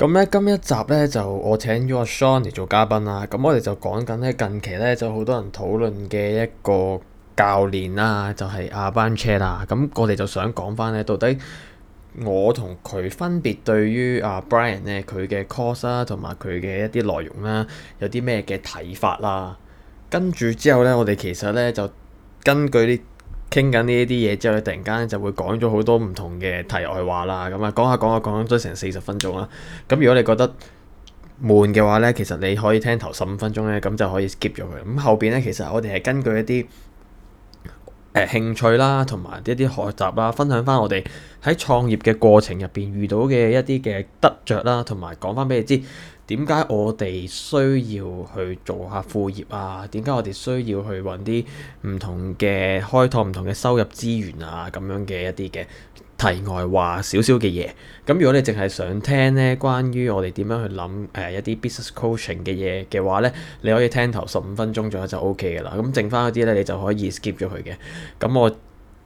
咁咧，今一集咧就我請咗阿 Shawn 嚟做嘉賓啦。咁我哋就講緊咧近期咧就好多人討論嘅一個教練啦、啊，就係、是、阿 Brian 啦。咁我哋就想講翻咧，到底我同佢分別對於阿、啊、Brian 咧佢嘅 course 啊，同埋佢嘅一啲內容啦、啊，有啲咩嘅睇法啦、啊。跟住之後咧，我哋其實咧就根據啲。傾緊呢一啲嘢之後咧，突然間就會講咗好多唔同嘅題外話啦。咁啊，講下講下講咗成四十分鐘啦。咁如果你覺得悶嘅話呢，其實你可以聽頭十五分鐘呢，咁就可以 skip 咗佢。咁後邊呢，其實我哋係根據一啲誒、呃、興趣啦，同埋一啲學習啦，分享翻我哋喺創業嘅過程入邊遇到嘅一啲嘅得着啦，同埋講翻俾你知。點解我哋需要去做下副業啊？點解我哋需要去揾啲唔同嘅開拓、唔同嘅收入資源啊？咁樣嘅一啲嘅題外話少少嘅嘢。咁如果你淨係想聽呢，關於我哋點樣去諗誒、呃、一啲 business coaching 嘅嘢嘅話呢，你可以聽頭十五分鐘左右就 OK 㗎啦。咁剩翻嗰啲呢，你就可以 skip 咗佢嘅。咁我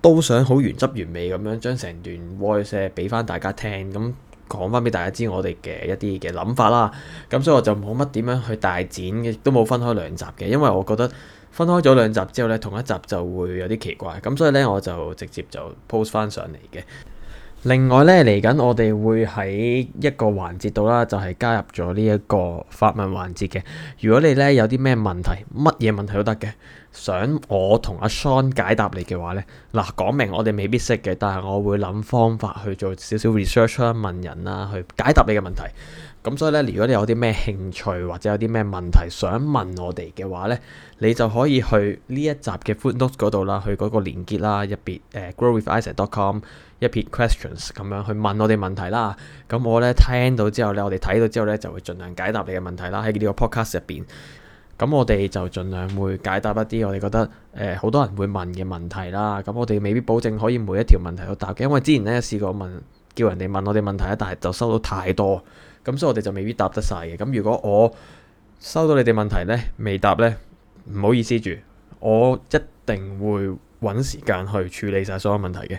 都想好原汁原味咁樣將成段 voice 俾翻大家聽。咁講翻俾大家知我哋嘅一啲嘅諗法啦，咁所以我就冇乜點樣去大展嘅，亦都冇分開兩集嘅，因為我覺得分開咗兩集之後咧，同一集就會有啲奇怪，咁所以咧我就直接就 post 翻上嚟嘅。另外咧，嚟緊我哋會喺一個環節度啦，就係加入咗呢一個發問環節嘅。如果你咧有啲咩問題，乜嘢問題都得嘅，想我同阿 Sean 解答你嘅話咧，嗱，講明我哋未必識嘅，但係我會諗方法去做少少 research 啊，問人啦，去解答你嘅問題。咁所以咧，如果你有啲咩興趣或者有啲咩問題想問我哋嘅話咧，你就可以去呢一集嘅 Footnotes 嗰度啦，去嗰個連結啦，入邊誒 GrowWithIsha.com。一片 questions 咁樣去問我哋問題啦，咁、啊、我咧聽到之後咧，我哋睇到之後咧，就會盡量解答你嘅問題啦。喺呢個 podcast 入邊，咁、啊、我哋就盡量會解答一啲我哋覺得誒好、呃、多人會問嘅問題啦。咁、啊、我哋未必保證可以每一條問題都答嘅，因為之前咧有試過問叫人哋問我哋問題啊，但係就收到太多，咁所以我哋就未必答得晒嘅。咁、啊、如果我收到你哋問題咧未答咧，唔好意思住，我一定會搵時間去處理晒所有問題嘅。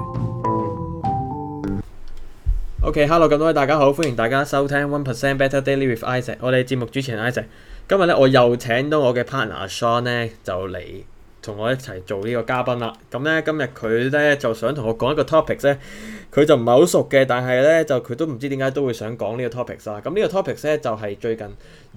OK，Hello，okay，咁多位大家好，歡迎大家收聽 One Percent Better Daily with Isaac。我哋節目主持人 Isaac，今日咧我又請到我嘅 partner 阿 Sean 咧就嚟同我一齊做呢個嘉賓啦。咁、嗯、咧今日佢咧就想同我講一個 topics 咧，佢就唔係好熟嘅，但係咧就佢都唔知點解都會想講呢個 topic、嗯這個、topic 呢個 topics 啦。咁呢個 topics 咧就係、是、最近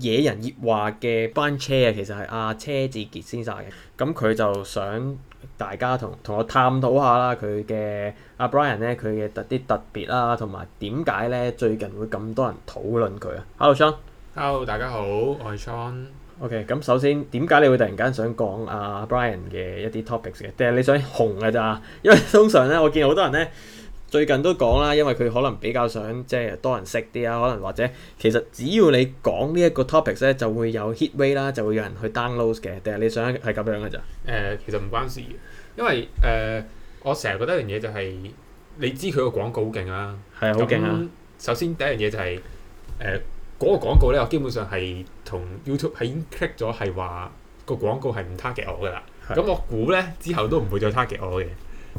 野人熱話嘅班車啊，其實係阿、啊、車志杰先生嘅。咁、嗯、佢就想大家同同我探討下啦，佢嘅。阿 Brian 咧，佢嘅特啲特別啦、啊，同埋點解咧最近會咁多人討論佢啊？Hello，Chan。Hello，大家好，我係 Chan。OK，咁首先點解你會突然間想講阿、啊、Brian 嘅一啲 topics 嘅？定係你想紅嘅咋？因為通常咧，我見好多人咧最近都講啦，因為佢可能比較想即係、就是、多人識啲啊，可能或者其實只要你講呢一個 topics 咧，就會有 hit rate 啦，就會有人去 download 嘅，定係你想係咁樣嘅咋？誒、呃，其實唔關事嘅，因為誒。呃我成日覺得一樣嘢就係你知佢個廣告好勁啊，咁首先第一樣嘢就係誒嗰個廣告咧，我基本上係同 YouTube 係已經 click 咗，係話個廣告係唔 target 我噶啦。咁我估咧之後都唔會再 target 我嘅。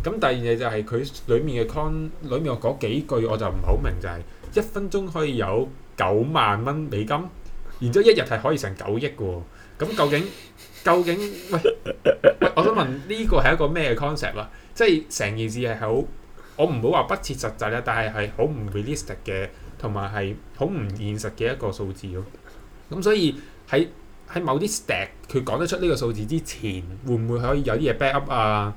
咁第二樣嘢就係佢裡面嘅 con 裡面我幾句我就唔係好明，就係一分鐘可以有九萬蚊美金，然之後一日係可以成九億嘅。咁究竟究竟喂，我想問呢個係一個咩 concept 啊？即係成件事係好，我唔好話不切實際啦，但係係好唔 realistic 嘅，同埋係好唔現實嘅一個數字咯。咁所以喺喺某啲 stack，佢講得出呢個數字之前，會唔會可以有啲嘢 back up 啊？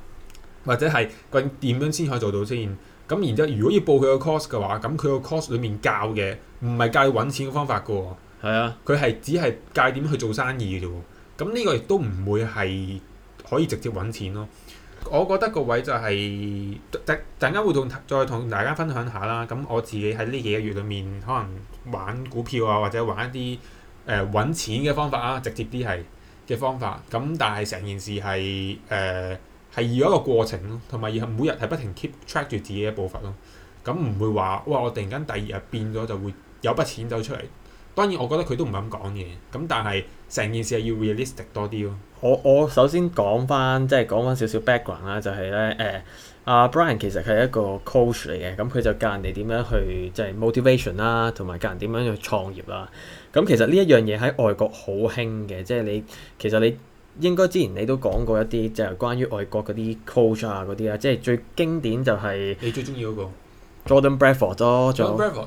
或者係究竟點樣先可以做到先？咁然之後，如果要報佢個 course 嘅話，咁佢個 course 裡面教嘅唔係教揾錢嘅方法噶喎，哦。係啊，佢係只係教點去做生意嘅啫喎。咁呢個亦都唔會係可以直接揾錢咯。我覺得個位就係等陣間會再同大家分享下啦。咁我自己喺呢幾個月裏面，可能玩股票啊，或者玩一啲誒揾錢嘅方法啊，直接啲係嘅方法。咁但係成件事係誒係要一個過程咯，同埋要每日係不停 keep track 住自己嘅步伐咯。咁唔會話哇！我突然間第二日變咗就會有筆錢走出嚟。當然我覺得佢都唔係咁講嘢。咁但係。成件事係要 realistic 多啲咯、哦。我我首先講翻，即係講翻少少 background 啦，就係咧誒，阿、欸啊、Brian 其實係一個 coach 嚟嘅，咁佢就教人哋點樣去即係、就是、motivation 啦，同埋教人點樣去創業啦。咁其實呢一樣嘢喺外國好興嘅，即係你其實你應該之前你都講過一啲，就係、是、關於外國嗰啲 coach 啊嗰啲啊，即係最經典就係、是、你最中意嗰個 Jordan Bradford 囉。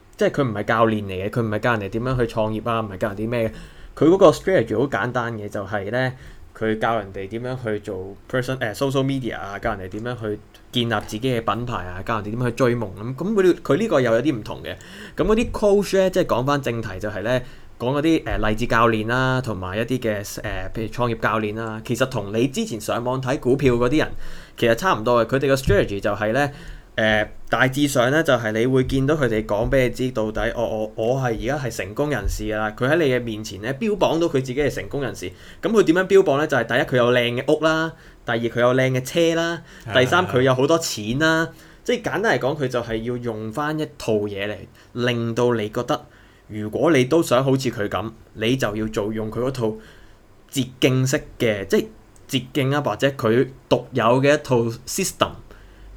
即係佢唔係教練嚟嘅，佢唔係教人哋點樣去創業啊，唔係教人啲咩嘅。佢嗰個 strategy 好簡單嘅，就係咧，佢教人哋點樣去做 person 誒、啊、social media 啊，教人哋點樣去建立自己嘅品牌啊，教人哋點樣去追夢咁。咁嗰佢呢個又有啲唔同嘅。咁嗰啲 coach 咧，即係講翻正題就係咧，講嗰啲誒勵志教練啦、啊，同埋一啲嘅誒譬如創業教練啦、啊，其實同你之前上網睇股票嗰啲人其實差唔多嘅。佢哋嘅 strategy 就係咧。誒、呃、大致上咧，就係、是、你會見到佢哋講俾你知，到底、哦、我我我係而家係成功人士㗎啦。佢喺你嘅面前咧，標榜到佢自己係成功人士。咁佢點樣標榜咧？就係、是、第一，佢有靚嘅屋啦；第二，佢有靚嘅車啦；第三，佢有好多錢啦。啊、即係簡單嚟講，佢就係要用翻一套嘢嚟令到你覺得，如果你都想好似佢咁，你就要做用佢嗰套捷徑式嘅，即係捷徑啊，或者佢獨有嘅一套 system。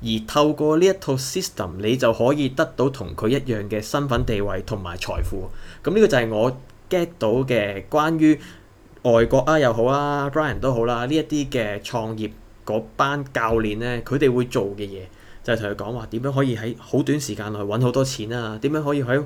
而透過呢一套 system，你就可以得到同佢一樣嘅身份地位同埋財富。咁呢個就係我 get 到嘅關於外國啊又好啦、啊，Ryan 都好啦、啊，呢一啲嘅創業嗰班教練呢，佢哋會做嘅嘢就係同佢講話點樣可以喺好短時間內揾好多錢啊？點樣可以喺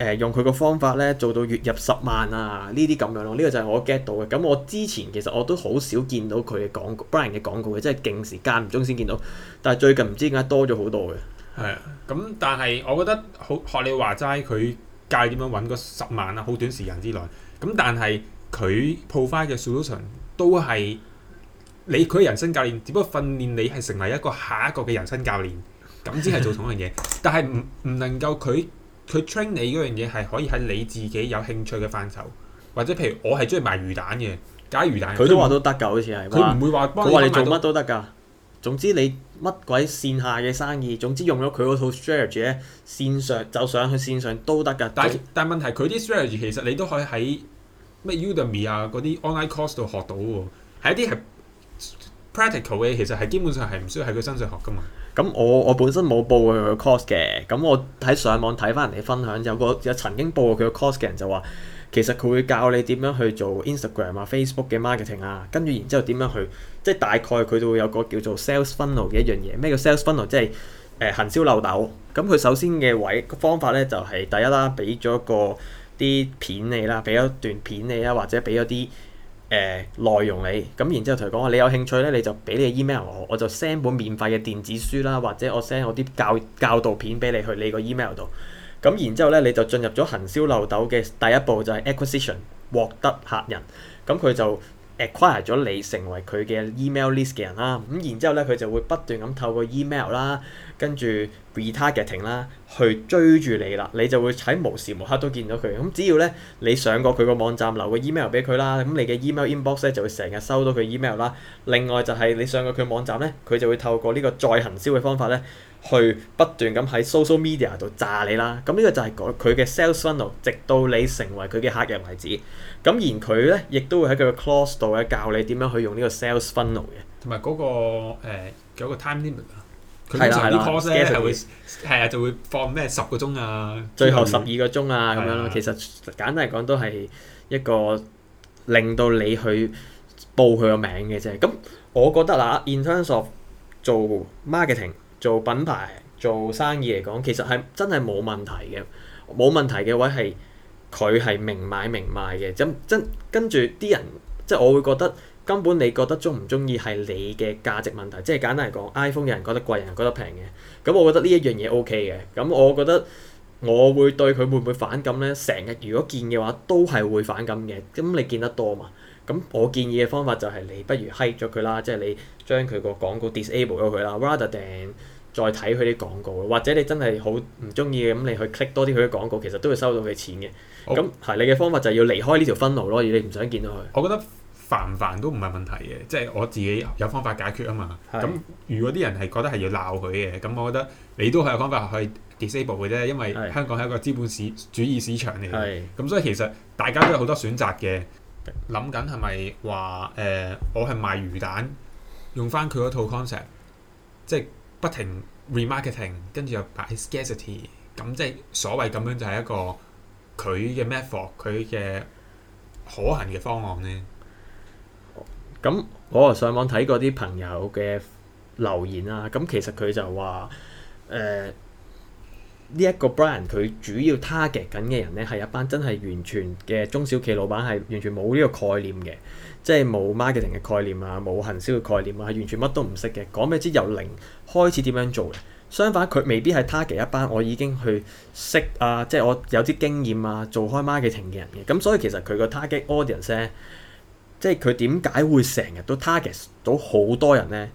誒、呃、用佢個方法咧做到月入十萬啊！呢啲咁樣咯，呢、這個就係我 get 到嘅。咁我之前其實我都好少見到佢嘅廣告 Brian 嘅廣告嘅，即係勁時間唔中先見到。但係最近唔知點解多咗好多嘅。係啊，咁、嗯、但係我覺得好學你話齋，佢教點樣揾個十萬啊？好短時間之內。咁、嗯、但係佢 provide 嘅 solution 都係你佢人生教練，只不過訓練你係成為一個下一個嘅人生教練，咁先係做同一樣嘢。 但係唔唔能夠佢。佢 train 你嗰樣嘢係可以喺你自己有興趣嘅範疇，或者譬如我係中意賣魚蛋嘅，假魚蛋佢都話都得㗎，好似係佢唔會話幫哇你做乜都得㗎。總之你乜鬼線下嘅生意，總之用咗佢嗰套 strategy，線上就上去線上都得㗎。但之但問題佢啲 strategy 其實你都可以喺咩 Udemy 啊嗰啲 online course 度學到喎。係一啲係 practical 嘅，其實係基本上係唔需要喺佢身上學㗎嘛。咁我我本身冇報過佢嘅 course 嘅，咁我喺上網睇翻人哋分享，有個有曾經報過佢嘅 course 嘅人就話，其實佢會教你點樣去做 Instagram 啊、Facebook 嘅 marketing 啊，跟住然之後點樣去，即係大概佢就會有個叫做 sales funnel 嘅一樣嘢。咩叫 sales funnel？即係誒、呃、行銷漏斗。咁佢首先嘅位個方法咧，就係、係、第一啦，俾咗個啲片你啦，俾一段片你啊，或者俾咗啲。誒、呃、內容你咁，然之後同佢講話，你有興趣咧，你就俾你嘅 email 我，我就 send 本免費嘅電子書啦，或者我 send 我啲教教導片俾你去你個 email 度。咁然之後咧，你就進入咗行銷漏斗嘅第一步，就係 acquisition，獲得客人。咁佢就 acquire 咗你成為佢嘅 email list 嘅人啦。咁然之後咧，佢就會不斷咁透過 email 啦。跟住 retargeting 啦，ing，去追住你啦，你就會喺無時無刻都見到佢。咁只要咧你上過佢個網站，留個 email 俾佢啦，咁你嘅 email inbox 咧就會成日收到佢 email 啦。另外就係你上過佢網站咧，佢就會透過呢個再行銷嘅方法咧，去不斷咁喺 social media 度炸你啦。咁、這、呢個就係佢嘅 sales funnel，直到你成為佢嘅客人為止。咁而佢咧亦都會喺佢嘅 course 度咧教你點樣去用呢個 sales funnel 嘅。同埋嗰個誒、呃、有個 time limit。係啦，係的會係啊，就會放咩十個鐘啊，最後十二個鐘啊咁樣咯。其實簡單嚟講，都係一個令到你去報佢個名嘅啫。咁我覺得啦，internship 做 marketing、做品牌、做生意嚟講，其實係真係冇問題嘅。冇問題嘅位係佢係明買明賣嘅。咁真跟住啲人，即係我會覺得。根本你覺得中唔中意係你嘅價值問題，即係簡單嚟講，iPhone 有人覺得貴，有人覺得平嘅。咁我覺得呢一樣嘢 OK 嘅。咁我覺得我會對佢會唔會反感呢？成日如果見嘅話，都係會反感嘅。咁你見得多嘛？咁我建議嘅方法就係你不如 hide 咗佢啦，即係你將佢個廣告 disable 咗佢啦，rather than 再睇佢啲廣告，或者你真係好唔中意嘅咁，你去 click 多啲佢啲廣告，其實都會收到佢錢嘅。咁係好你嘅方法就係要離開呢條分路咯，而你唔想見到佢。我覺得。煩唔煩都唔係問題嘅，即係我自己有方法解決啊嘛。咁是如果啲人係覺得係要鬧佢嘅，咁我覺得你都係有方法去 disable 佢啫。因為香港係一個資本市主義市場嚟嘅，咁是所以其實大家都有好多選擇嘅。諗緊係咪話誒，我係賣魚蛋，用翻佢嗰套 concept，即係不停 remarketing，跟住又擺 scarcity，咁即係所謂咁樣就係一個佢嘅 method，佢嘅可行嘅方案呢。咁我啊上網睇過啲朋友嘅留言啊。咁其實佢就話誒呢一個 brand 佢主要 target 緊嘅人咧係一班真係完全嘅中小企老闆，係完全冇呢個概念嘅，即係冇 marketing 嘅概念啊，冇行銷嘅概念啊，係完全乜都唔識嘅，講俾你知由零開始點樣做。相反，佢未必係 target 一班我已經去識啊，即係我有啲經驗啊，做開 marketing 嘅人嘅。咁所以其實佢個 target audience 咧。即係佢點解會成日都 target 到好多人咧？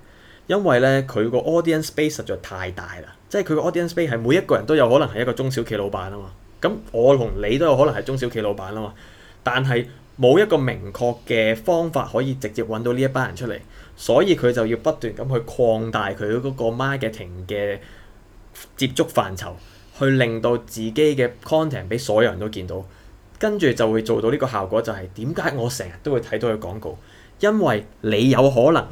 因為咧佢個 audience space 實在太大啦！即係佢個 audience space 係每一個人都有可能係一個中小企老闆啊嘛。咁我同你都有可能係中小企老闆啊嘛。但係冇一個明確嘅方法可以直接揾到呢一班人出嚟，所以佢就要不斷咁去擴大佢嗰個 marketing 嘅接觸範疇，去令到自己嘅 content 俾所有人都見到。跟住就會做到呢個效果，就係，就係點解我成日都會睇到佢廣告，因為你有可能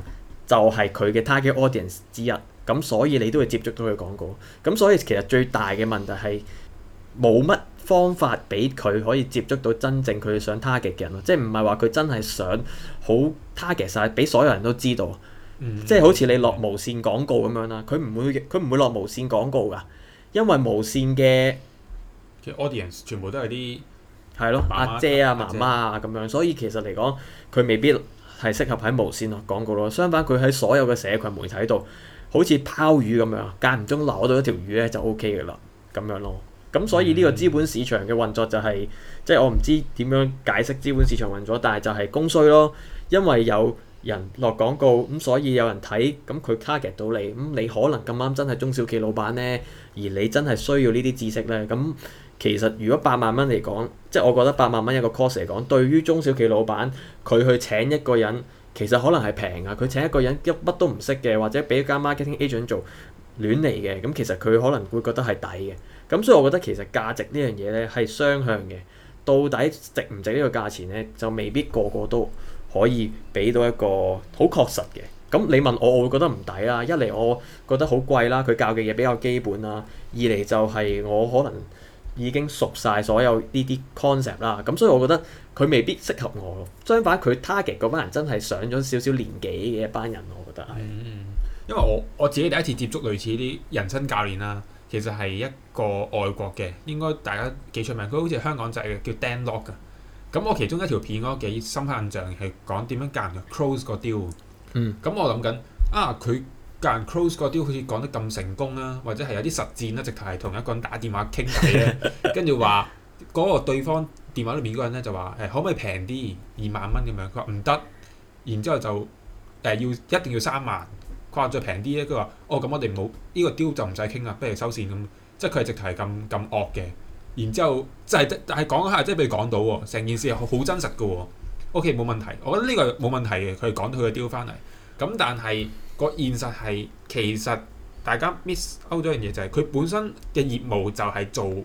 就係佢嘅 target audience 之一，咁所以你都會接觸到佢廣告。咁所以其實最大嘅問題係冇乜方法俾佢可以接觸到真正佢想 target 嘅人咯，即係唔係話佢真係想好 target 晒俾所有人都知道。嗯、即係好似你落無線廣告咁樣啦，佢唔、嗯、會佢唔會落無線廣告噶，因為無線嘅即 audience 全部都係啲。係咯，阿姐啊、媽媽啊咁樣，所以其實嚟講，佢未必係適合喺無線落廣告咯。相反，佢喺所有嘅社群媒體度，好似拋魚咁樣，間唔中攞到一條魚咧就 OK 嘅啦，咁樣咯。咁所以呢個資本市場嘅運作就係、是，嗯、即係我唔知點樣解釋資本市場運作，但係就係供需咯。因為有人落廣告，咁所以有人睇，咁佢 target 到你，咁你可能咁啱真係中小企老闆咧，而你真係需要呢啲知識咧，咁。其實如果八萬蚊嚟講，即係我覺得八萬蚊一個 course 嚟講，對於中小企老闆佢去請一個人，其實可能係平噶。佢請一個人一乜都唔識嘅，或者俾間 marketing agent 做亂嚟嘅，咁其實佢可能會覺得係抵嘅。咁所以我覺得其實價值呢樣嘢咧係雙向嘅。到底值唔值呢個價錢咧，就未必個個都可以俾到一個好確實嘅。咁你問我，我會覺得唔抵啦。一嚟我覺得好貴啦，佢教嘅嘢比較基本啦。二嚟就係我可能。已經熟晒所有呢啲 concept 啦，咁所以我覺得佢未必適合我咯。相反，佢 target 嗰班人真係上咗少少年紀嘅一班人，我覺得係、嗯。因為我我自己第一次接觸類似啲人生教練啦，其實係一個外國嘅，應該大家幾出名。佢好似香港仔、就、嘅、是、叫 Dan Lok 啊。咁我其中一條片我幾深刻印象係講點樣教人 close 個 deal。嗯。咁我諗緊啊，佢。個人 close 個雕好似講得咁成功啦、啊，或者係有啲實戰啦、啊，直頭係同一個人打電話傾偈咧，跟住話嗰個對方電話裏面嗰人咧就話：誒、哎、可唔可以平啲二萬蚊咁樣？佢話唔得，然之後就誒、哎、要一定要三萬。佢話再平啲咧，佢話哦咁我哋唔好呢個雕就唔使傾啦，不如收線咁。即係佢係直頭係咁咁惡嘅。然之後、就是、講即係但係講下即係畀講到喎，成件事係好真實嘅喎、哦。O K 冇問題，我覺得呢個冇問題嘅，佢係講到佢個雕翻嚟。咁但係。個現實係其實大家 miss out 咗樣嘢就係、是、佢本身嘅業務就係做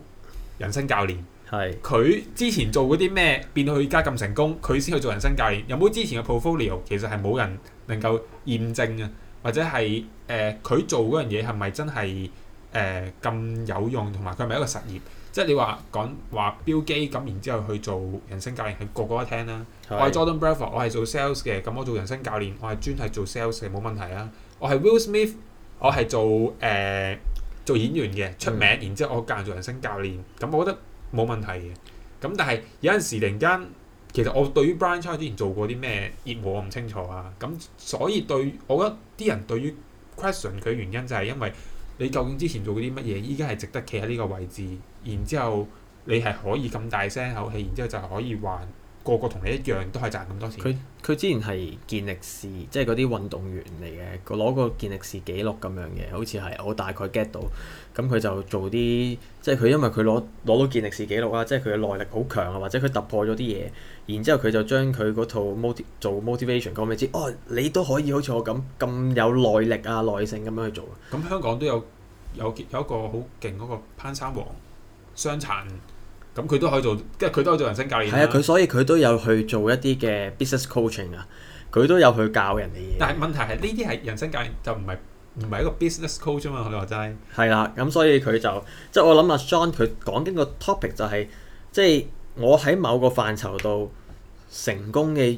人生教練，係佢是之前做嗰啲咩變到佢而家咁成功，佢先去做人生教練，有冇之前嘅 portfolio 其實係冇人能夠驗證啊，或者係誒佢做嗰樣嘢係咪真係誒咁有用，同埋佢係咪一個實業？即係你話講話標機咁，Gay, 然後之後去做人生教練，佢個個都聽啦、啊。我係 Jordan Braver，我係做 sales 嘅，咁我做人生教練，我係專係做 sales 嘅，冇問題啊。我係 Will Smith，我係做誒、呃、做演員嘅出名，嗯、然之後我隔硬做人生教練，咁我覺得冇問題嘅。咁但係有陣時突然間，其實我對於 Brian Choi 之前做過啲咩業務我唔清楚啊。咁所以對我覺得啲人對於 question 佢原因就係因為你究竟之前做過啲乜嘢，依家係值得企喺呢個位置，然之後你係可以咁大聲口氣，然之後就可以話。個個同你一樣都係賺咁多錢。佢佢之前係健力士，即係嗰啲運動員嚟嘅，攞過健力士紀錄咁樣嘅，好似係我大概 get 到。咁佢就做啲，即係佢因為佢攞攞到健力士紀錄啦，即係佢嘅耐力好強啊，或者佢突破咗啲嘢，然之後佢就將佢嗰套 moti 做 motivation 講俾你知，哦，你都可以好似我咁咁有耐力啊、耐性咁樣去做。咁香港都有有有一個好勁嗰個攀山王，傷殘。咁佢都可以做，即係佢都可以做人生教練。係啊，佢、啊、所以佢都有去做一啲嘅 business coaching 啊，佢都有去教人嘅嘢。但係問題係呢啲係人生教練就唔係唔係一個 business coach 啊嘛，佢哋話齋。係啦、啊，咁、嗯、所以佢就即係、就是、我諗阿 John 佢講緊個 topic 就係、是，即、就、係、是、我喺某個範疇度成功嘅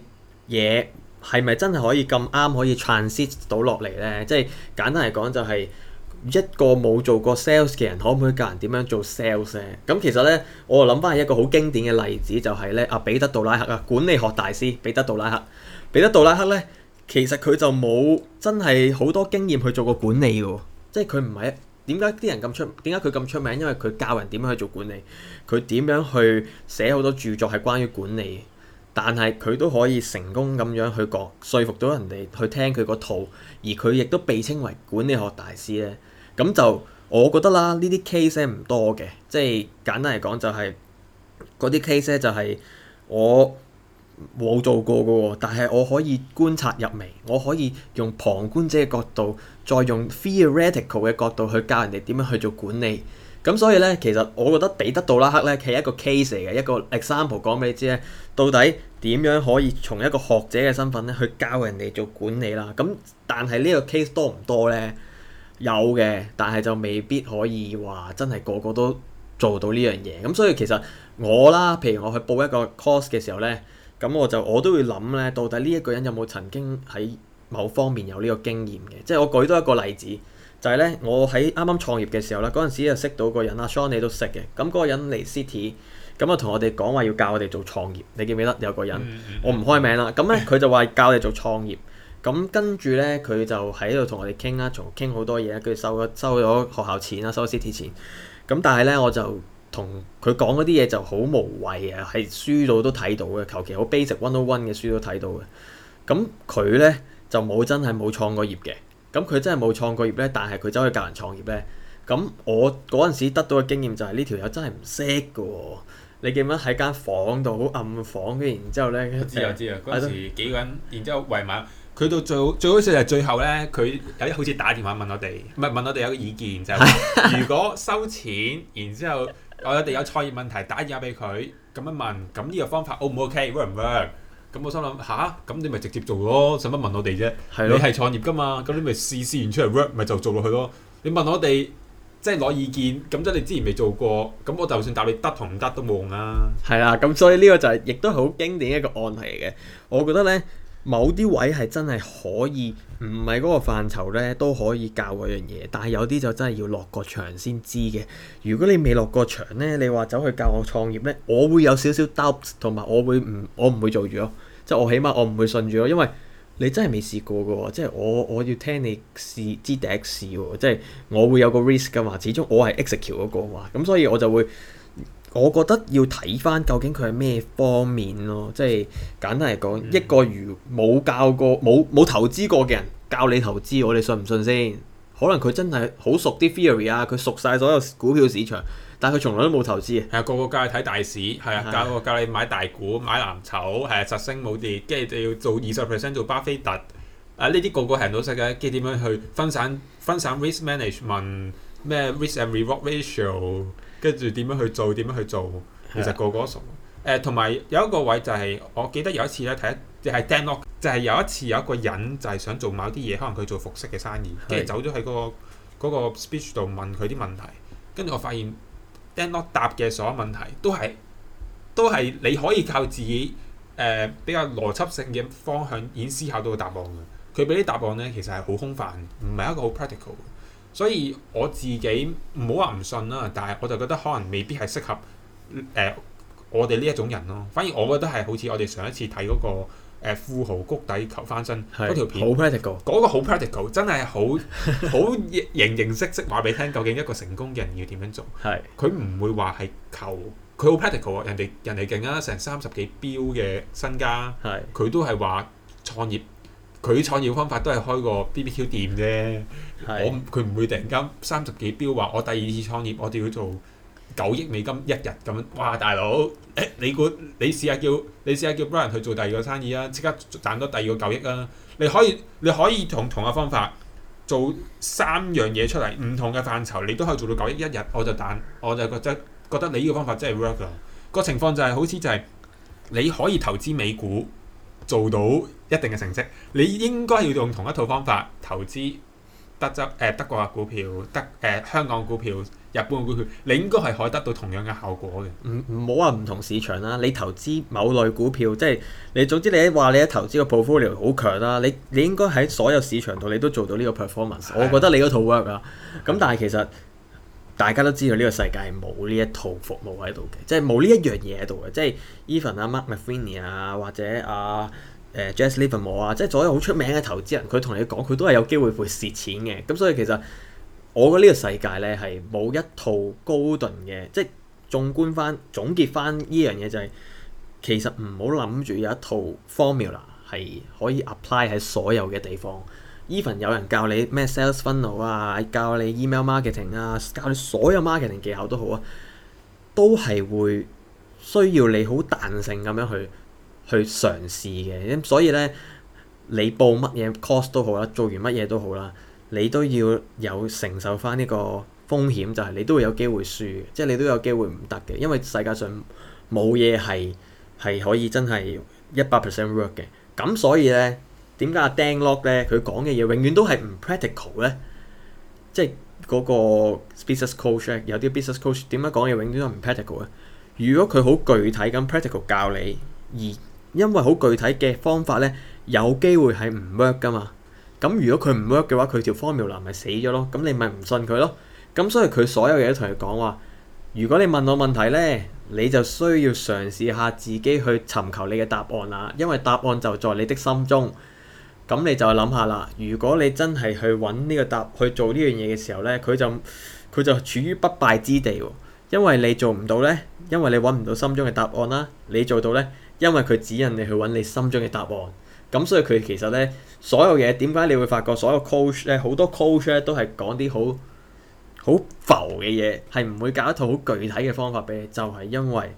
嘢係咪真係可以咁啱可以 transit 到落嚟咧？即、就、係、是、簡單嚟講就係、是。一個冇做過 sales 嘅人，可唔可以教人點樣做 sales 呢？咁其實呢，我諗翻係一個好經典嘅例子、就係，就係呢阿彼得杜拉克啊，管理學大師彼得杜拉克。彼得杜拉克呢，其實佢就冇真係好多經驗去做過管理嘅，即係佢唔係點解啲人咁出名，點解佢咁出名？因為佢教人點樣去做管理，佢點樣去寫好多著作係關於管理，但係佢都可以成功咁樣去講，說服到人哋去聽佢個套，而佢亦都被稱為管理學大師呢。咁就我覺得啦，呢啲 case 唔多嘅，即係簡單嚟講就係嗰啲 case 咧，就係我冇做過嘅喎，但係我可以觀察入微，我可以用旁觀者嘅角度，再用 theoretical 嘅角度去教人哋點樣去做管理。咁所以咧，其實我覺得彼得杜拉克咧係一個 case 嚟嘅，一個 example 講俾你知咧，到底點樣可以從一個學者嘅身份咧去教人哋做管理啦。咁但係呢個 case 多唔多咧？有嘅，但係就未必可以話真係個個都做到呢樣嘢。咁所以其實我啦，譬如我去報一個 course 嘅時候呢，咁我就我都會諗呢：到底呢一個人有冇曾經喺某方面有呢個經驗嘅。即係我舉多一個例子，就係呢，我喺啱啱創業嘅時候啦，嗰陣時就識到個人，啦，Shawn 你都識嘅。咁嗰個人嚟 City，咁啊同我哋講話要教我哋做創業。你記唔記得有個人？我唔開名啦。咁呢，佢就話教我哋做創業。咁跟住咧，佢就喺度同我哋傾啦，從傾好多嘢。佢收咗收咗學校錢啦，收咗 CT 錢。咁但係咧，我就同佢講嗰啲嘢就好無謂啊，喺書度都睇到嘅，求其好 basic one to one 嘅書都睇到嘅。咁佢咧就冇真係冇創過業嘅。咁佢真係冇創過業咧，但係佢走去教人創業咧。咁我嗰陣時得到嘅經驗就係呢條友真係唔識嘅。你記唔記得喺間房度好暗房，跟住然之後咧、哎，知啊知啊，嗰陣時幾個人， 然之後圍埋。佢到最好最好笑就係最後咧，佢有啲好似打電話問我哋，唔係問我哋有個意見，就係如果收錢，然之後我哋有創業問題打電話俾佢咁樣問，咁呢個方法 O 唔 OK，work 唔 work？咁我心諗吓？咁你咪直接做咯，使乜問我哋啫？的你係創業㗎嘛，咁你咪試試完出嚟 work 咪就做落去咯。你問我哋即係攞意見，咁即係你之前未做過，咁我就算答你得同唔得都冇用啦。係啦，咁所以呢個就係、是、亦都係好經典一個案例嚟嘅，我覺得咧。某啲位係真係可以，唔係嗰個範疇呢都可以教嗰樣嘢，但係有啲就真係要落過場先知嘅。如果你未落過場呢，你話走去教我創業呢，我會有少少 doubts 同埋我會唔我唔會做住咯，即係我起碼我唔會信住咯，因為你真係未試過嘅喎，即係我我要聽你試知第次試喎，即係我會有個 risk 嘅嘛，始終我係 execute 嗰個嘛，咁所以我就會。我覺得要睇翻究竟佢係咩方面咯，即係簡單嚟講，嗯、一個如冇教過冇冇投資過嘅人教你投資，我哋信唔信先？可能佢真係好熟啲 theory 啊，佢熟晒所有股票市場，但係佢從來都冇投資嘅。係啊，個個教你睇大市，係啊，教、啊、個教你買大股買藍籌，係啊，實升冇跌，跟住就要做二十 percent 做巴菲特啊，呢啲個個行到識嘅，跟住點樣去分散分散 risk management，咩 risk and reward ratio？跟住點樣去做？點樣去做？其實個個，個熟。誒的，同埋、呃、有一個位就係、是，我記得有一次咧睇，就係 Daniel 就係有一次有一個人就係想做某啲嘢，可能佢做服飾嘅生意，跟住走咗喺、那個嗰的個 speech 度問佢啲問題。跟住我發現 Daniel 答嘅所有問題都，都係都係你可以靠自己誒、呃、比較邏輯性嘅方向已經思考到嘅答案嘅。佢俾啲答案咧，其實係好空泛，唔係、嗯、一個好 practical。所以我自己唔好話唔信啦，但係我就覺得可能未必係適合誒、呃、我哋呢一種人咯。反而我覺得係好似我哋上一次睇嗰、那個、呃、富豪谷底求翻身嗰是條片，好 practical 嗰個好 practical，真係好好形形色色話俾你聽究竟一個成功嘅人要點樣做。係佢唔會話係求佢好 practical 啊！人哋人哋勁啊，成三十幾標嘅身家，係佢是都係話創業。佢創業方法都係開個 BBQ 店啫，是我佢唔會突然間三十幾標話，我第二次創業，我哋要做九億美金一日咁樣。哇，大佬、欸，你估你試下叫你試下叫 Brian 去做第二個生意啊！即刻賺多第二個九億啊！你可以你可以同同一個方法做三樣嘢出嚟，唔同嘅範疇，你都可以做到九億一日。我就彈我就覺得覺得你呢個方法真係 work 啊！個情況就係、是、好似就係、是、你可以投資美股。做到一定嘅成績，你應該要用同一套方法投資德執誒德國嘅股票、德誒香港股票、日本嘅股票，你應該係可以得到同樣嘅效果嘅。唔唔好話唔同市場啦，你投資某類股票，即係你總之你喺話你一投資個 portfolio 好強啦，你你應該喺所有市場度你都做到呢個 performance 的。我覺得你嗰套 work 㗎，咁但係其實。大家都知道呢、這個世界係冇呢一套服務喺度嘅，即係冇呢一樣嘢喺度嘅，即係 Even 阿 Mark McVinnie 啊或者啊誒 Jesse Livermore 啊，即係所有好出名嘅投資人，佢同你講佢都係有機會會蝕錢嘅。咁所以其實我覺得呢個世界咧係冇一套高頓嘅，即係縱觀翻總結翻呢樣嘢就係、是、其實唔好諗住有一套 formula 係可以 apply 喺所有嘅地方。Even 有人教你咩 sales funnel 啊，教你 email marketing 啊，教你所有 marketing 技巧都好啊，都係會需要你好彈性咁樣去去嘗試嘅。所以咧，你報乜嘢 course 都好啦，做完乜嘢都好啦，你都要有承受翻呢個風險，就係你都會有機會輸，即係你都有機會唔得嘅。因為世界上冇嘢係係可以真係一百 percent work 嘅。咁所以咧。點解阿 Dan Lok 咧，佢講嘅嘢永遠都係唔 practical 咧？即係嗰個 business coach 有啲 business coach 點解講嘢永遠都唔 practical 咧？如果佢好具體咁 practical 教你，而因為好具體嘅方法咧，有機會係唔 work 噶嘛？咁如果佢唔 work 嘅話，佢條 formula 咪死咗咯？咁你咪唔信佢咯？咁所以佢所有嘢都同你講話。如果你問我問題咧，你就需要嘗試下自己去尋求你嘅答案啦，因為答案就在你的心中。咁你就諗下啦，如果你真係去搵呢個答去做呢樣嘢嘅時候咧，佢就佢就處於不敗之地，因為你做唔到咧，因為你搵唔到心中嘅答案啦。你做到咧，因為佢指引你去搵你心中嘅答案。咁所以佢其實咧，所有嘢點解你會發覺所有 coach 咧，好多 coach 咧都係講啲好好浮嘅嘢，係唔會教一套好具體嘅方法俾你，就係因為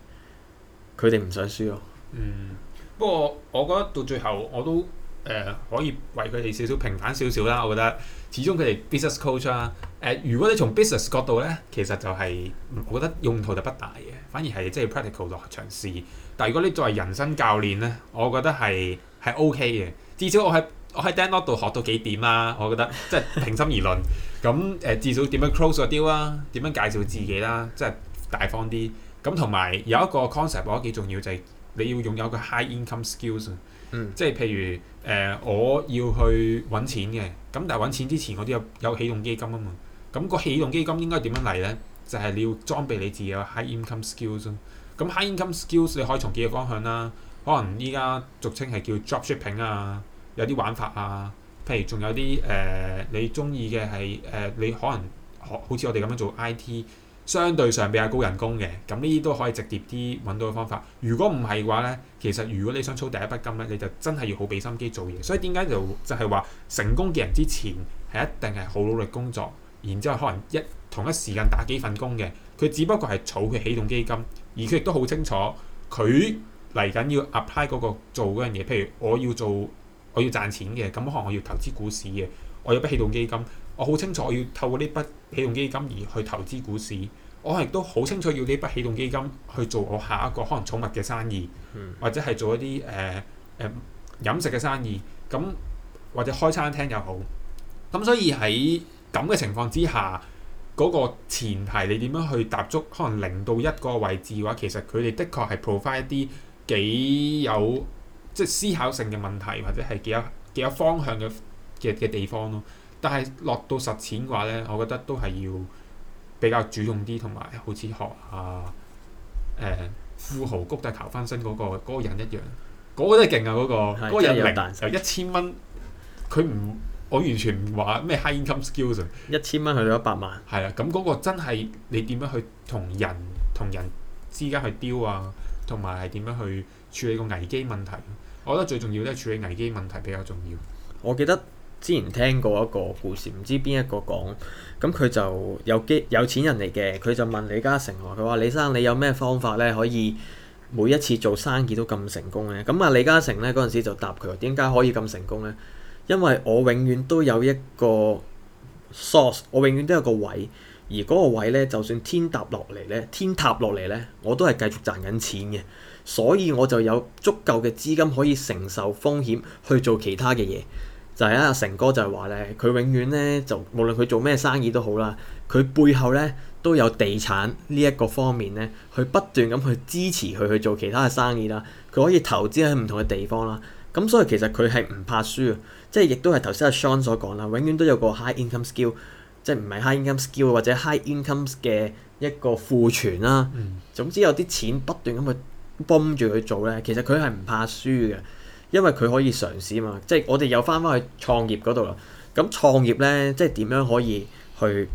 佢哋唔想輸咯。嗯，不過我覺得到最後我都。誒、呃、可以為佢哋少少平反少少啦，我覺得始終佢哋 business coach 啦、啊。誒、呃、如果你從 business 角度咧，其實就係我覺得用途就不大嘅，反而係即係 practical 嘅嘗試。但如果你作為人生教練咧，我覺得係係 OK 嘅，至少我喺我喺 download 度學到幾點啦、啊，我覺得即係平心而論，咁誒、 呃、至少點樣 close 個 deal 啊，點樣介紹自己啦、啊，即係大方啲。咁同埋有一個 concept 我覺得幾重要，就係、是、你要擁有個 high income skills、啊。嗯，即係譬如誒、呃，我要去揾錢嘅咁，但係揾錢之前我都有有起動基金啊嘛。咁個起動基金應該點樣嚟咧？就係、是、你要裝備你自己 high income skills。咁 high income skills 你可以從幾個方向啦，可能依家俗稱係叫 drop shipping 啊，有啲玩法啊。譬如仲有啲誒、呃，你中意嘅係誒，你可能好似我哋咁樣做 IT。相對上比較高人工嘅，咁呢啲都可以直接啲揾到嘅方法。如果唔係嘅話呢，其實如果你想儲第一筆金呢，你就真係要好俾心機做嘢。所以點解就就係話成功嘅人之前係一定係好努力工作，然之後可能一同一時間打幾份工嘅。佢只不過係儲佢起動基金，而佢亦都好清楚佢嚟緊要 apply 嗰個做嗰樣嘢。譬如我要做我要賺錢嘅，咁可能我要投資股市嘅，我有筆起動基金。我好清楚我要透過呢筆起動基金而去投資股市。我亦都好清楚要呢筆起動基金去做我下一個可能寵物嘅生意，或者係做一啲誒誒飲食嘅生意。咁或者開餐廳又好。咁所以喺咁嘅情況之下，嗰個前提你點樣去踏足可能零到一個位置嘅話，其實佢哋的確係 provide 一啲幾有即係思考性嘅問題，或者係幾有幾有方向嘅嘅嘅地方咯。但係落到實踐嘅話咧，我覺得都係要比較主動啲，同埋、哎、好似學下誒富、呃、豪谷底求翻身嗰、那個那個人一樣，嗰個真係勁啊！嗰個嗰個人零就是一千蚊，佢唔我完全唔話咩 high income skills，一千蚊去到一百萬。係、嗯那個、啊，咁嗰個真係你點樣去同人同人之間去 deal 啊？同埋係點樣去處理個危機問題？我覺得最重要都係處理危機問題比較重要。我記得。之前聽過一個故事，唔知邊一個講，咁佢就有機有錢人嚟嘅，佢就問李嘉誠，佢話李生，你有咩方法咧可以每一次做生意都咁成功呢？呢，咁啊李嘉誠咧嗰陣時就答佢話：點解可以咁成功呢？因為我永遠都有一個 source，我永遠都有個位，而嗰個位咧就算天塌落嚟咧，天塌落嚟咧我都係繼續賺緊錢嘅，所以我就有足夠嘅資金可以承受風險去做其他嘅嘢。就係阿成哥就係話咧，佢永遠咧就無論佢做咩生意都好啦，佢背後咧都有地產呢一個方面咧，佢不斷咁去支持佢去做其他嘅生意啦，佢可以投資喺唔同嘅地方啦，咁所以其實佢係唔怕輸嘅，即係亦都係頭先阿 Shawn 所講啦，永遠都有個 high income skill，即係唔係 high income skill 或者 high income 嘅一個庫存啦，嗯、總之有啲錢不斷咁去泵住佢做咧，其實佢係唔怕輸嘅。因為佢可以嘗試嘛，即係我哋又返返去創業嗰度啦。咁創業咧，即係點樣可以去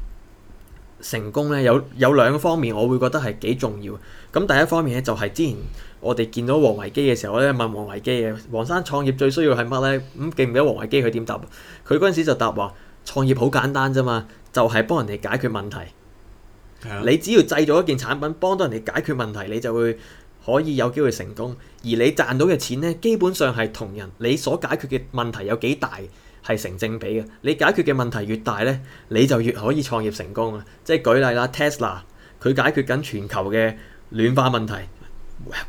成功咧？有有兩方面，我會覺得係幾重要。咁第一方面咧，就係、是、之前我哋見到王維基嘅時候咧，我問王維基嘅王生創業最需要係乜咧？咁記唔記得王維基佢點答？佢嗰陣時就答話創業好簡單啫嘛，就係、是、幫人哋解決問題。的你只要製造一件產品，幫到人哋解決問題，你就會。可以有機會成功，而你賺到嘅錢呢，基本上係同人你所解決嘅問題有幾大係成正比嘅。你解決嘅問題越大呢，你就越可以創業成功啊！即係舉例啦，Tesla 佢解決緊全球嘅暖化問題、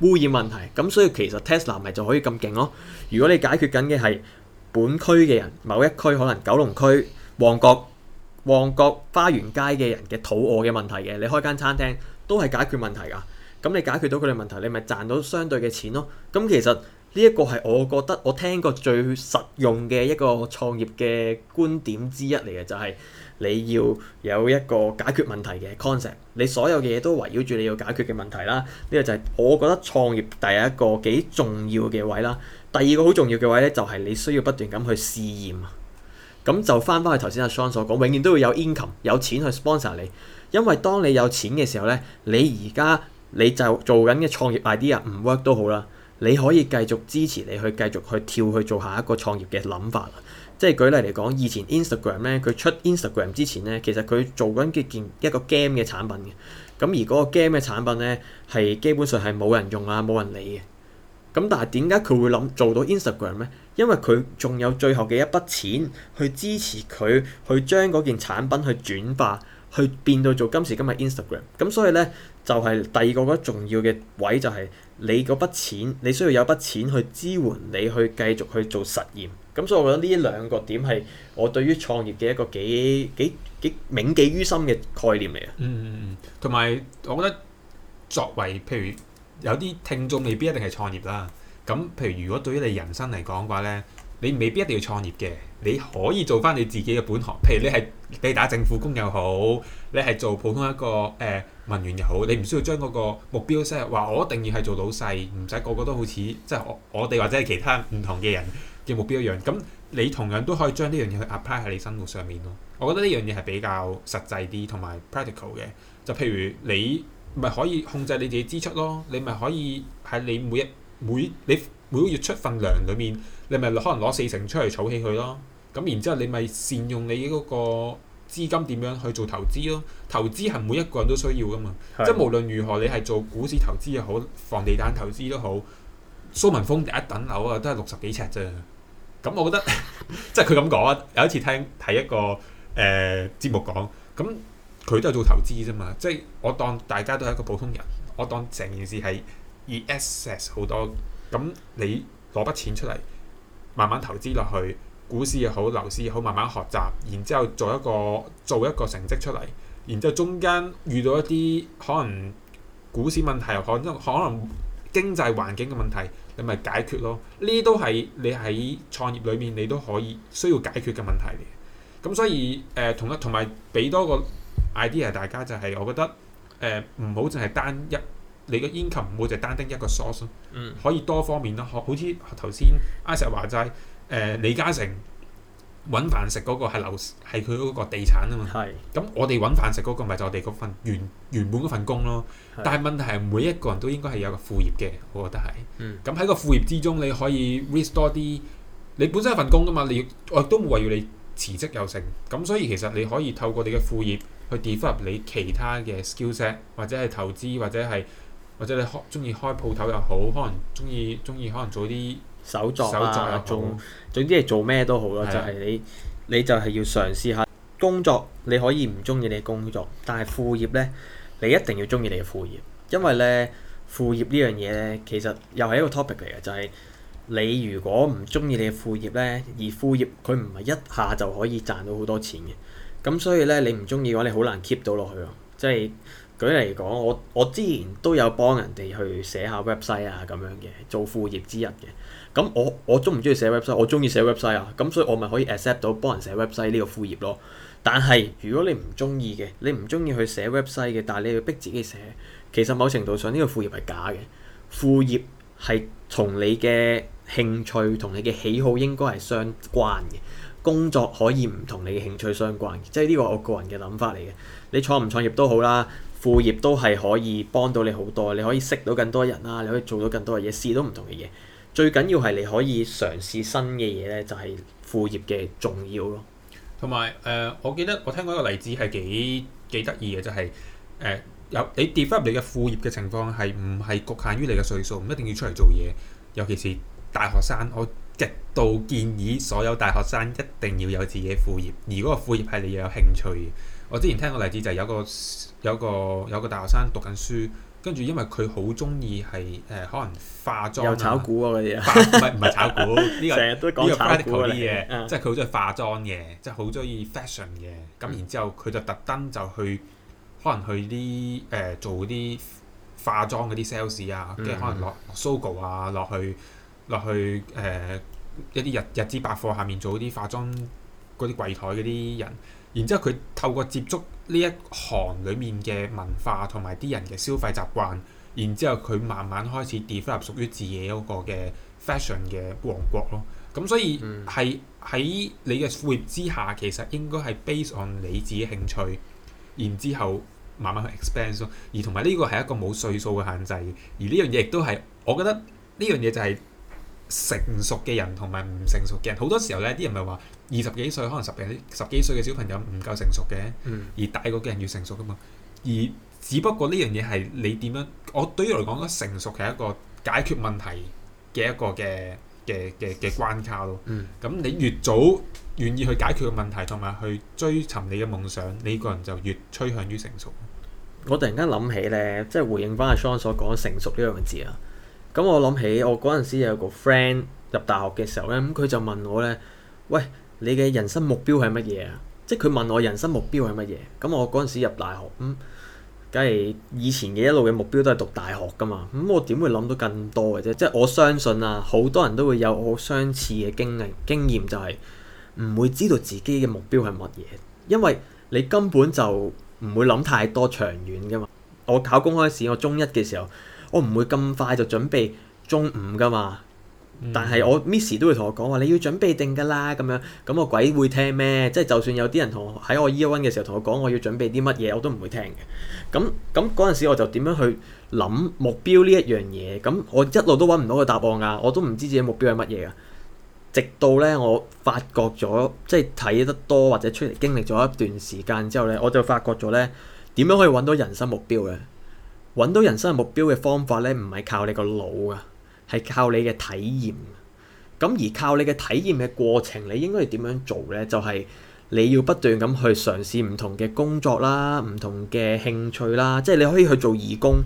污染問題，咁所以其實 Tesla 咪就可以咁勁咯。如果你解決緊嘅係本區嘅人，某一區可能九龍區旺角、旺角花園街嘅人嘅肚餓嘅問題嘅，你開間餐廳都係解決問題㗎。咁你解決到佢哋問題，你咪賺到相對嘅錢咯。咁其實呢一個係我覺得我聽過最實用嘅一個創業嘅觀點之一嚟嘅，就係你要有一個解決問題嘅 concept，你所有嘅嘢都圍繞住你要解決嘅問題啦。呢個就係我覺得創業第一個幾重要嘅位啦。第二個好重要嘅位咧，就係你需要不斷咁去試驗。咁就翻翻去頭先阿 Shawn 所講，永遠都會有 income 有錢去 sponsor 你，因為當你有錢嘅時候咧，你而家你就做緊嘅創業 idea 唔 work 都好啦，你可以繼續支持你去繼續去跳去做下一個創業嘅諗法啦。即係舉例嚟講，以前 Instagram 咧，佢出 Instagram 之前咧，其實佢做緊嘅件一個 game 嘅產品嘅。咁而嗰個 game 嘅產品咧，係基本上係冇人用啊，冇人理嘅。咁但係點解佢會諗做到 Instagram 咧？因為佢仲有最後嘅一筆錢去支持佢去將嗰件產品去轉化。去變到做今時今日 Instagram，咁所以咧就係第二個嗰重要嘅位就係你嗰筆錢，你需要有筆錢去支援你去繼續去做實驗。咁所以我覺得呢兩個點係我對於創業嘅一個幾幾幾銘記於心嘅概念嚟啊。嗯嗯，同埋我覺得作為譬如有啲聽眾未必一定係創業啦，咁譬如如果對於你人生嚟講嘅話咧。你未必一定要創業嘅，你可以做翻你自己嘅本行，譬如你係你打政府工又好，你係做普通一個誒文、呃、員又好，你唔需要將嗰個目標即係話我一定要係做老細，唔使個個都好似即係我我哋或者係其他唔同嘅人嘅目標一樣。咁你同樣都可以將呢樣嘢去 apply 喺你生活上面咯。我覺得呢樣嘢係比較實際啲同埋 practical 嘅。就譬如你咪可以控制你自己支出咯，你咪可以喺你每一每你。每個月出份糧裏面，你咪可能攞四成出嚟儲起佢咯。咁然之後，你咪善用你嗰個資金點樣去做投資咯？投資係每一個人都需要㗎嘛。是的 即係無論如何，你係做股市投資又好，房地產投資都好。蘇文峰第一等樓啊，都係六十幾尺啫。咁、嗯、我覺得， 即係佢咁講啊。有一次聽睇一個誒節、呃、目講，咁、嗯、佢都係做投資啫嘛。即係我當大家都係一個普通人，我當成件事係 excess 好多。咁你攞筆錢出嚟，慢慢投資落去，股市又好，樓市又好，慢慢學習，然之後做一個做一個成績出嚟，然之後中間遇到一啲可能股市問題，又可能可能經濟環境嘅問題，你咪解決咯。呢啲都係你喺創業裏面你都可以需要解決嘅問題嚟。咁所以誒、呃，同，同一同埋俾多個 idea 大家就係、是，我覺得誒唔好淨係單一。你個 income 唔會就單丁一個 source 咯、嗯，可以多方面咯，好似頭先阿石話齋，誒、呃、李嘉誠揾飯食嗰個係樓，係佢嗰個地產啊嘛，咁是我哋揾飯食嗰個咪就是我哋嗰份原原本份工咯，是但係問題係每一個人都應該係有個副業嘅，我覺得係，咁喺、嗯、個副業之中你可以 risk 多啲，你本身一份工噶嘛，你我都唔話要你辭職又成。咁所以其實你可以透過你嘅副業去 develop 你其他嘅 skill set 或者係投資或者係。或者你開中意開鋪頭又好，可能中意中意可能做啲手作啊，做總，總之係做咩都好咯，是啊、就係你你就係要嘗試下工作，你可以唔中意你嘅工作，但係副業呢，你一定要中意你嘅副業，因為呢副業呢樣嘢呢，其實又係一個 topic 嚟嘅，就係、是、你如果唔中意你嘅副業呢，而副業佢唔係一下就可以賺到好多錢嘅，咁所以呢，你唔中意嘅話，你好難 keep 到落去咯，即係。舉例嚟講，我我之前都有幫人哋去寫下 website 啊咁樣嘅，做副業之一嘅。咁我我中唔中意寫 website？我中意寫 website 啊。咁所以我咪可以 accept 到幫人寫 website 呢個副業咯。但係如果你唔中意嘅，你唔中意去寫 website 嘅，但係你要逼自己寫，其實某程度上呢個副業係假嘅。副業係同你嘅興趣同你嘅喜好應該係相關嘅。工作可以唔同你嘅興趣相關嘅，即係呢個我個人嘅諗法嚟嘅。你創唔創業都好啦。副業都係可以幫到你好多，你可以識到更多人啦，你可以做到更多嘅嘢，試到唔同嘅嘢。最緊要係你可以嘗試新嘅嘢呢，就係副業嘅重要咯。同埋誒，我記得我聽過一個例子係幾幾得意嘅，就係誒有你 develop 你嘅副業嘅情況係唔係局限於你嘅歲數，唔一定要出嚟做嘢。尤其是大學生，我極度建議所有大學生一定要有自己嘅副業，而嗰個副業係你要有興趣嘅。我之前聽過例子就係有個有個有個大學生讀緊書，跟住因為佢好中意係誒可能化妝、啊，又炒股嗰、啊、啲，唔係唔係炒股呢、 呢個呢個 practical 啲嘢，即係佢好中意化妝嘅，啊、即係好中意 fashion 嘅。咁然之後佢就特登就去可能去啲誒、呃、做啲化妝嗰啲 sales 啊，即係、嗯、可能落，落 sogo 啊，落去落去誒、呃、一啲日日資百貨下面做啲化妝嗰啲櫃台嗰啲人。然之後佢透過接觸呢一行裡面嘅文化同埋啲人嘅消費習慣，然之後佢慢慢開始 develop 屬於自己嗰個嘅 fashion 嘅王國咯。咁所以係喺你嘅副業之下，其實應該係 based on 你自己興趣，然之後慢慢去 expansion。而同埋呢個係一個冇歲數嘅限制，而呢樣嘢亦都係我覺得呢樣嘢就係、是。成熟嘅人同埋唔成熟嘅人，好多時候咧，啲人咪話二十幾歲可能十幾十幾歲嘅小朋友唔夠成熟嘅，嗯、而大個嘅人越成熟㗎嘛。而只不過呢樣嘢係你點樣？我對於嚟講，成熟係一個解決問題嘅一個嘅嘅嘅嘅關卡咯。咁、嗯、你越早願意去解決個問題，同埋去追尋你嘅夢想，你個人就越趨向於成熟。我突然間諗起咧，即係回應翻阿 Sean 所講成熟呢兩個字啊。咁我諗起我嗰陣時有個 friend 入大學嘅時候呢，咁、嗯、佢就問我呢：「喂，你嘅人生目標係乜嘢啊？」即係佢問我人生目標係乜嘢。咁我嗰陣時入大學，咁梗係以前嘅一路嘅目標都係讀大學噶嘛。咁、嗯、我點會諗到咁多嘅啫？即係我相信啊，好多人都會有好相似嘅經歷經驗，就係唔會知道自己嘅目標係乜嘢，因為你根本就唔會諗太多長遠噶嘛。我考公開試，我中一嘅時候。我唔會咁快就準備中午噶嘛，但係我 Miss、嗯、都會同我講話，你要準備定噶啦咁樣，咁我鬼會聽咩？即、就、係、是、就算有啲人同我喺我 year one 嘅時候同我講我要準備啲乜嘢，我都唔會聽嘅。咁咁嗰陣時我就點樣去諗目標呢一樣嘢？咁我一路都搵唔到個答案噶，我都唔知自己目標係乜嘢噶。直到咧我發覺咗，即係睇得多或者出嚟經歷咗一段時間之後咧，我就發覺咗咧點樣可以搵到人生目標嘅。揾到人生目標嘅方法咧，唔係靠你個腦啊，係靠你嘅體驗。咁而靠你嘅體驗嘅過程，你應該係點樣做呢？就係、是、你要不斷咁去嘗試唔同嘅工作啦，唔同嘅興趣啦。即係你可以去做義工，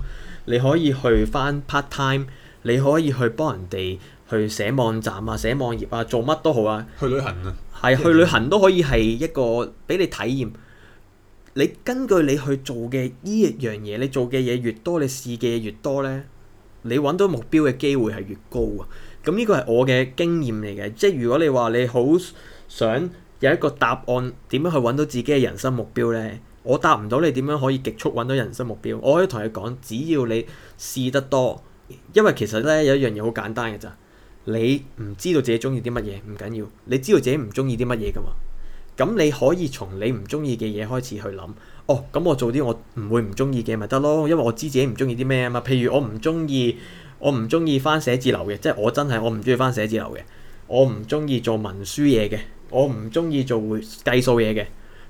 你可以去翻 part time，你可以去幫人哋去寫網站啊、寫網頁啊、做乜都好啊。去旅行啊？係是去旅行都可以係一個俾你體驗。你根據你去做嘅呢一樣嘢，你做嘅嘢越多，你試嘅嘢越多咧，你揾到目標嘅機會係越高啊！咁呢個係我嘅經驗嚟嘅，即係如果你話你好想有一個答案，點樣去揾到自己嘅人生目標咧？我答唔到你點樣可以極速揾到人生目標。我可以同你講，只要你試得多，因為其實咧有一樣嘢好簡單嘅咋，你唔知道自己中意啲乜嘢唔緊要，你知道自己唔中意啲乜嘢㗎嘛。咁你可以從你唔中意嘅嘢開始去諗，哦，咁我做啲我唔會唔中意嘅咪得咯，因為我知自己唔中意啲咩啊嘛。譬如我唔中意，我唔中意返寫字樓嘅，即係我真係我唔中意返寫字樓嘅，我唔中意做文書嘢嘅，我唔中意做會計數嘢嘅，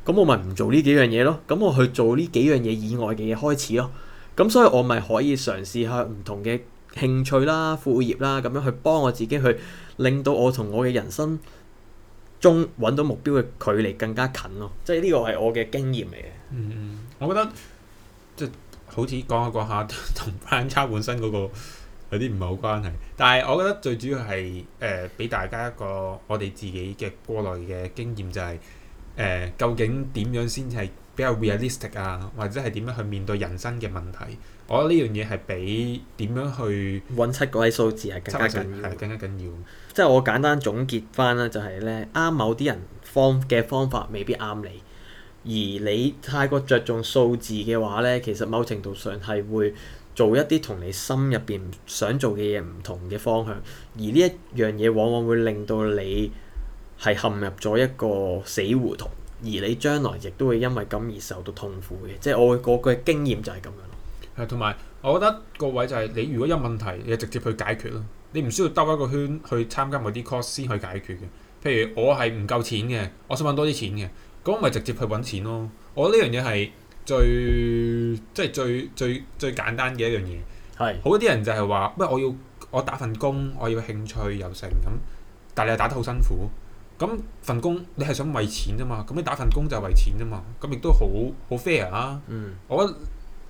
咁我咪唔做呢幾樣嘢咯。咁我去做呢幾樣嘢以外嘅嘢開始咯。咁所以我咪可以嘗試下唔同嘅興趣啦、副業啦，咁樣去幫我自己去令到我同我嘅人生中揾到目標嘅距離更加近咯、哦，即係呢個係我嘅經驗嚟嘅。嗯，我覺得即係好似講,一講一下講下同 plan 差本身嗰個有啲唔係好關係，但係我覺得最主要係誒俾大家一個我哋自己嘅過來嘅經驗就係、是、誒、呃、究竟點樣先至係比較 realistic 啊，嗯、或者係點樣去面對人生嘅問題？我覺得呢樣嘢係比點樣去揾、嗯、七個位數字係更加緊要，更加緊要。即係我簡單總結翻啦，就係咧啱某啲人方嘅方法未必啱你，而你太過着重數字嘅話咧，其實某程度上係會做一啲同你心入邊想做嘅嘢唔同嘅方向，而呢一樣嘢往往會令到你係陷入咗一個死胡同，而你將來亦都會因為咁而受到痛苦嘅。即係我個嘅經驗就係咁樣咯。係，同埋我覺得各位就係你，如果有問題，你直接去解決咯。你唔需要兜一個圈去參加某啲 course 先去解決嘅。譬如我係唔夠錢嘅，我想揾多啲錢嘅，咁我咪直接去揾錢咯。我呢樣嘢係最即係最最最簡單嘅一樣嘢。係。好多啲人就係話，喂，我要我打份工，我要興趣又成咁，但係你又打得好辛苦。咁份工你係想為錢啫嘛？咁你打份工就係為錢啫嘛。咁亦都好好 fair 啊。嗯。我覺得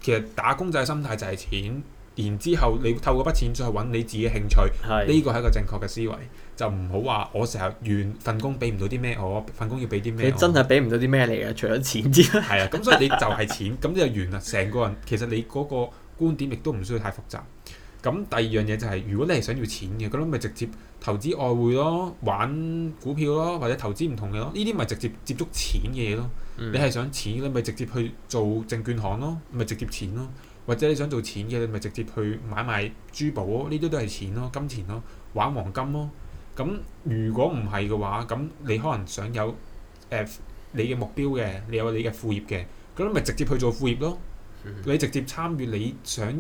其實打工仔心態就係錢。然之後，你透過筆錢再揾你自己興趣，呢是個係一個正確嘅思維，就唔好話我成日完份工俾唔到啲咩我，份工要俾啲咩我，你真係俾唔到啲咩嚟嘅，除咗錢之外。啊， 咁所以你就係錢，咁 就完啦。成個人其實你嗰個觀點亦都唔需要太複雜。咁第二樣嘢就係、是、如果你係想要錢嘅，咁咪直接投資外匯咯，玩股票咯，或者投資唔同嘅咯，呢啲咪直接接觸錢嘅嘢咯。嗯、你係想錢，你咪直接去做證券行咯，咪直接錢咯。或者你想做錢嘅，你咪直接去買賣珠寶咯，呢啲都係錢咯，金錢咯，玩黃金咯。咁如果唔係嘅話，咁你可能想有誒你嘅目標嘅，你有你嘅副業嘅，咁咪直接去做副業咯。你直接參與你想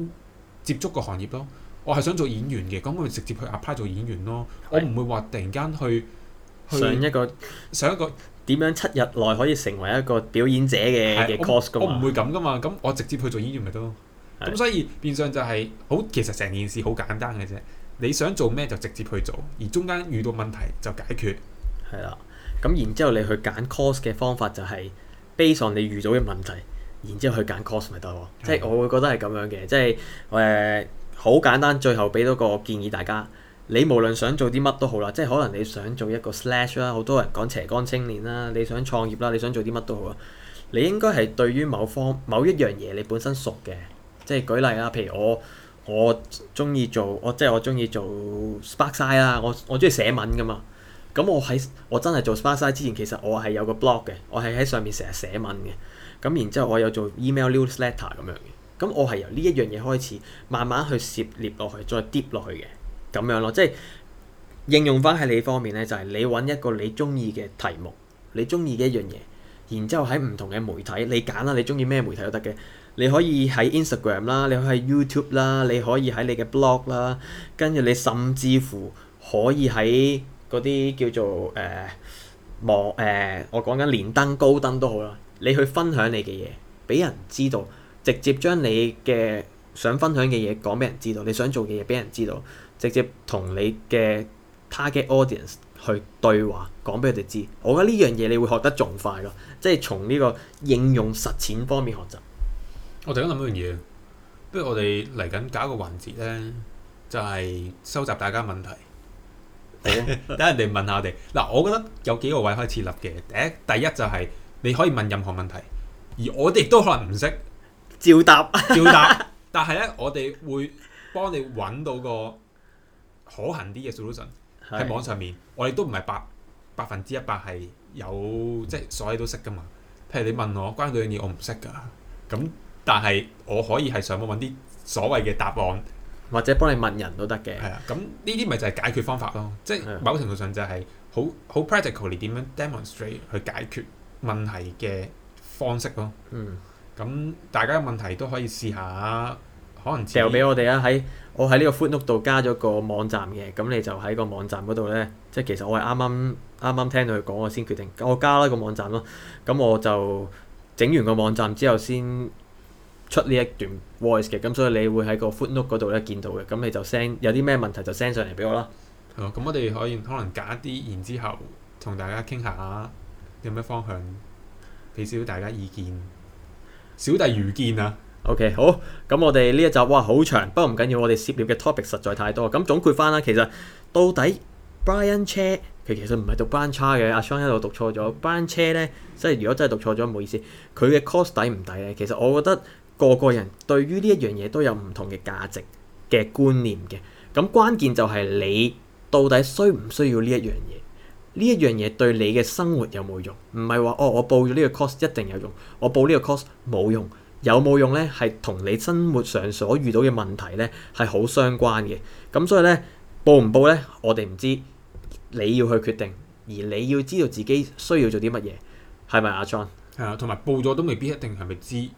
接觸個行業咯。我係想做演員嘅，咁我咪直接去 apply 做演員咯。我唔會話突然間去上一個上一個點樣七日內可以成為一個表演者嘅嘅 course 噶嘛。我唔會咁噶嘛，咁我直接去做演員咪得咯。咁所以變相就係、是、好，其實成件事好簡單嘅啫。你想做咩就直接去做，而中間遇到問題就解決係啦。咁然之後你去揀 course 嘅方法就係 base on 你遇到嘅問題，然之後去揀 course 咪得咯。即係的我會覺得係咁樣嘅，即係誒好簡單。最後俾多個建議大家，你無論想做啲乜都好啦，即、就、係、是、可能你想做一個 slash 啦，好多人講斜槓青年啦，你想創業啦，你想做啲乜都好啊。你應該係對於某方某一樣嘢你本身熟嘅。即係舉例啊，譬如我我中意做我即係我中意做 sparkside 啦，我我中意寫文噶嘛。咁我喺我真係做 sparkside 之前，其實我係有個 blog 嘅，我係喺上面成日寫文嘅。咁然之後我有做 email newsletter 咁樣嘅。咁我係由呢一樣嘢開始，慢慢去涉獵落去，再 deep 落去嘅。咁樣咯，即係應用翻喺你方面咧，就係你揾一個你中意嘅題目，你中意嘅一樣嘢，然之後喺唔同嘅媒體，你揀啦，你中意咩媒體都得嘅。你可以喺 Instagram 啦，你可以喺 YouTube 啦，你可以喺你嘅 blog 啦，跟住你甚至乎可以喺嗰啲叫做誒網誒我講緊連登、高登都好啦。你去分享你嘅嘢，俾人知道，直接將你嘅想分享嘅嘢講俾人知道，你想做嘅嘢俾人知道，直接同你嘅 target audience 去對話，講俾佢哋知。我覺得呢樣嘢你會學得仲快咯，即係從呢個應用實踐方面學習。我突然間諗到樣嘢，不如我哋嚟緊搞一個環節咧，就係、是、收集大家問題。好，等 人哋問下我哋，嗱，我覺得有幾個位可以設立嘅。第一，第一就係你可以問任何問題，而我哋都可能唔識，照答照答。照答 但係咧，我哋會幫你揾到個可行啲嘅 solution 喺網上面。我哋都唔係百百分之一百係有即係、就是、所有都識噶嘛。譬如你問我關咗嘅嘢，我唔識噶，咁。但係我可以係上網揾啲所謂嘅答案，或者幫你問人都得嘅。係啊，咁呢啲咪就係解決方法咯。即係某程度上就係好好 practically 點樣 demonstrate 去解決問題嘅方式咯。嗯，咁大家嘅問題都可以試下，可能掉俾我哋啊。喺我喺呢個 footnote 度加咗個網站嘅，咁你就喺個網站嗰度咧，即係其實我係啱啱啱啱聽到佢講，我先決定我加咗個網站咯。咁我就整完個網站之後先。出呢一段 voice 嘅，咁所以你會喺個 footnote 嗰度咧見到嘅，咁你就 send 有啲咩問題就 send 上嚟俾我啦。係咁、嗯、我哋可以可能夾一啲然之後同大家傾下有咩方向，俾少大家意見。小弟愚見啊，OK，好，咁我哋呢一集哇好長，不過唔緊要，我哋涉獵嘅 topic 實在太多，咁總括翻啦。其實到底 Brian 車佢其實唔係讀班差嘅，阿昌、啊、一路讀錯咗班車咧，即係如果真係讀錯咗，唔好意思，佢嘅 cost 抵唔抵咧？其實我覺得。個個人對於呢一樣嘢都有唔同嘅價值嘅觀念嘅，咁關鍵就係你到底需唔需要呢一樣嘢？呢一樣嘢對你嘅生活有冇用？唔係話哦，我報咗呢個 course 一定有用，我報呢個 course 冇用，有冇用咧？係同你生活上所遇到嘅問題咧係好相關嘅。咁所以咧報唔報咧，我哋唔知你要去決定，而你要知道自己需要做啲乜嘢，係咪阿 John？啊，同埋、啊、報咗都未必一定係咪知。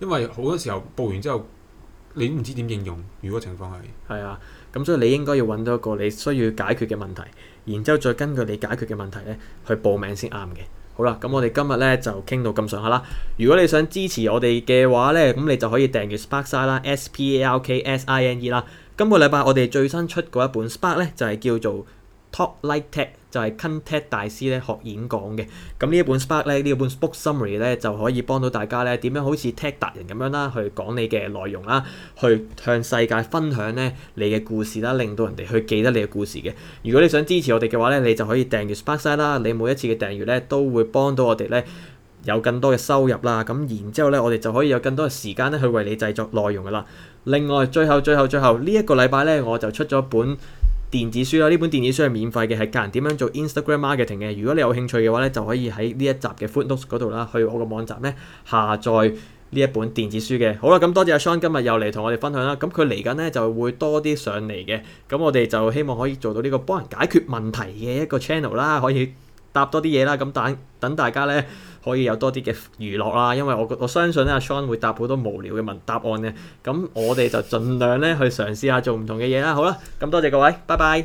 因為好多時候報完之後，你唔知點應用，如果情況係。係啊，咁所以你應該要揾到一個你需要解決嘅問題，然之後再根據你解決嘅問題咧，去報名先啱嘅。好啦，咁我哋今日咧就傾到咁上下啦。如果你想支持我哋嘅話咧，咁你就可以訂閱 Sparksine 啦，S P A R K S I N E 啦。今個禮拜我哋最新出嗰一本 Spark 咧，就係、是、叫做。Talk Like TED 就係跟 Ted 大師咧學演講嘅，咁呢一本 Spark 咧呢一本 Book Summary 咧就可以幫到大家咧點樣好似 Ted 達人咁樣啦，去講你嘅內容啦，去向世界分享咧你嘅故事啦，令到人哋去記得你嘅故事嘅。如果你想支持我哋嘅話咧，你就可以訂閱 Sparkside 啦。你每一次嘅訂閱咧都會幫到我哋咧有更多嘅收入啦。咁然之後咧，我哋就可以有更多嘅時間咧去為你製作內容噶啦。另外，最後最後最後，這個、禮呢一個禮拜咧，我就出咗本，電子書啦，呢本電子書係免費嘅，係教人點樣做 Instagram marketing 嘅。如果你有興趣嘅話咧，就可以喺呢一集嘅 footnotes 嗰度啦，去我個網站咧下載呢一本電子書嘅。好啦，咁多謝阿 Sean 今日又嚟同我哋分享啦。咁佢嚟緊咧就會多啲上嚟嘅。咁我哋就希望可以做到呢個幫人解決問題嘅一個 channel 啦，可以答多啲嘢啦。咁等等大家咧。可以有多啲嘅娛樂啦，因為我我相信咧、啊、阿 Sean 會答好多無聊嘅問答案咧，咁我哋就盡量咧去嘗試下做唔同嘅嘢啦，好啦，咁多謝各位，拜拜。